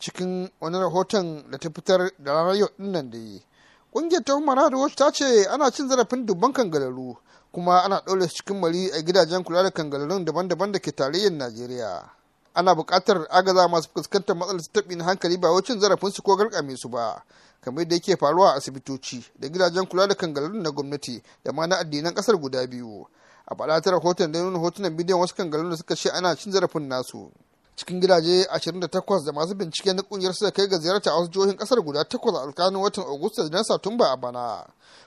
cikin wani rahoton da ta fitar da ranar yau nan da yi ƙungiyar ta da rights ta ce ana cin zarafin dubban kangararu kuma ana ɗaure su cikin mari a gidajen kula da kangararrun daban-daban da ke tarayyar najeriya ana buƙatar agaza masu fuskantar matsalar na hankali ba wacin zarafin su ko garkame su ba kamar da yake faruwa a asibitoci da gidajen kula da kangararrun na gwamnati da ma na addinan ƙasar guda biyu a faɗa ta rahoton da nuna hotunan bidiyon wasu kangararrun da suka ce ana cin zarafin nasu cikin gidaje 28 da masu bincike na kungiyar suka kai ga ziyarta a wasu jihohin kasar guda takwas a alkanin watan agusta da satumba a bana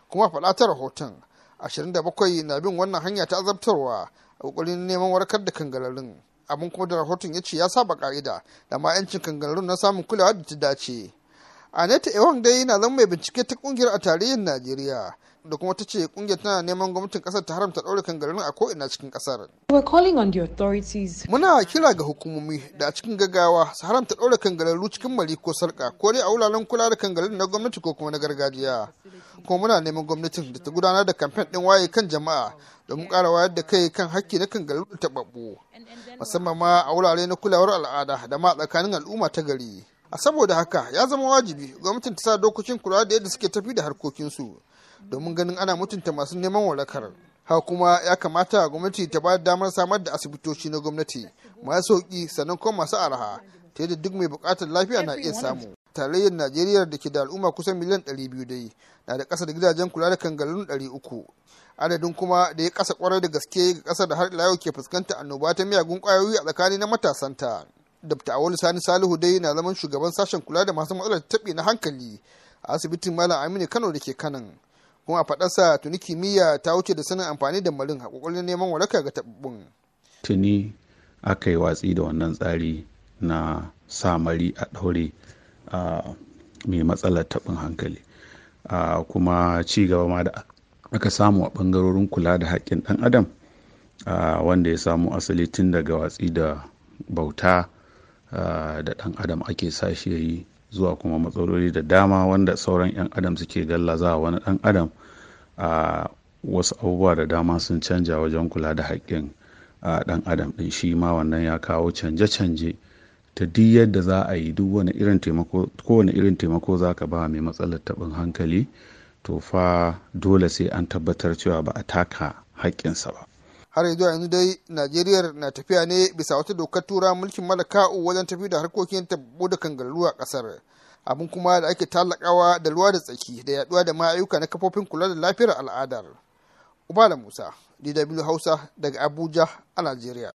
kuma faɗa ta rahoton 27 na bin wannan hanya ta azabtarwa a kokarin neman warkar da kangararin abin kuma da rahoton ya ce ya saba ka'ida da ma 'yancin kangararin na samun kulawa da ta dace aneta ewang dai na zama mai bincike ta kungiyar a tarihin najeriya da kuma ta ce kungiyar tana neman gwamnatin kasar ta haramta kan garin a ko'ina cikin kasar. Muna kira ga hukumomi da a cikin gaggawa su haramta ɗaure kangararru cikin mali ko sarka ko dai a wuraren kula da kangarin na gwamnati ko kuma na gargajiya. Kuma muna neman gwamnatin da ta gudanar da kamfen ɗin waye kan jama'a domin kara wayar da kai kan hakki na kangararru da taɓaɓɓu. Musamman ma a wurare na kulawar al'ada da ma tsakanin al'umma ta gari. a saboda haka ya zama wajibi gwamnatin ta sa dokokin kula da yadda suke tafi da harkokinsu domin ganin ana mutunta masu neman warakar ha kuma ya kamata gwamnati ta ba da damar samar da asibitoci na gwamnati masu sauki sannan kuma masu araha ta yadda duk mai bukatar lafiya na iya samu tarayyar najeriya da ke da al'umma kusan miliyan 200 dai na da kasa da gidajen kula da ɗari uku, adadin kuma da ya kasa kwarai da gaske ga ƙasa da har ila yau ke fuskanta annoba ta miyagun kwayoyi a tsakani na matasanta dr awolu sani salihu dai na zaman shugaban sashen kula da masu matsalar taɓi na hankali a asibitin malam aminu kano da ke kanan kuma a faɗarsa tuni kimiyya ta wuce da sanin amfani da marin a ƙoƙarin neman waraka ga taɓin tuni aka yi watsi da wannan tsari na samari a ɗaure mai matsalar taɓin hankali kuma ci gaba ma da aka samu a ɓangarorin kula da haƙƙin ɗan adam wanda ya samu asali tun daga watsi da bauta Eh, da ɗan adam ake sa shi ya yi zuwa kuma matsaloli da dama wanda sauran 'yan adam suke gallaza wani ɗan adam a wasu abubuwa da dama sun canja wajen kula da haƙƙin ɗan adam ɗin shi ma wannan ya kawo canje-canje ta duk yadda za a yi duk wani irin taimako kowane irin taimako za ka ba mai matsalar taɓin hankali to fa dole sai an tabbatar cewa ba a taka haƙƙinsa ba har zuwa yanzu dai najeriya na tafiya ne bisa wata dokar tura mulkin malaka'u wajen tafi da harkokin tabo da kangararru a kasar abin kuma da ake tallakawa da ruwa da tsaki da yaduwa da ma'ayuka na kafofin kula da lafiyar al'adar ubala musa dw hausa daga abuja a najeriya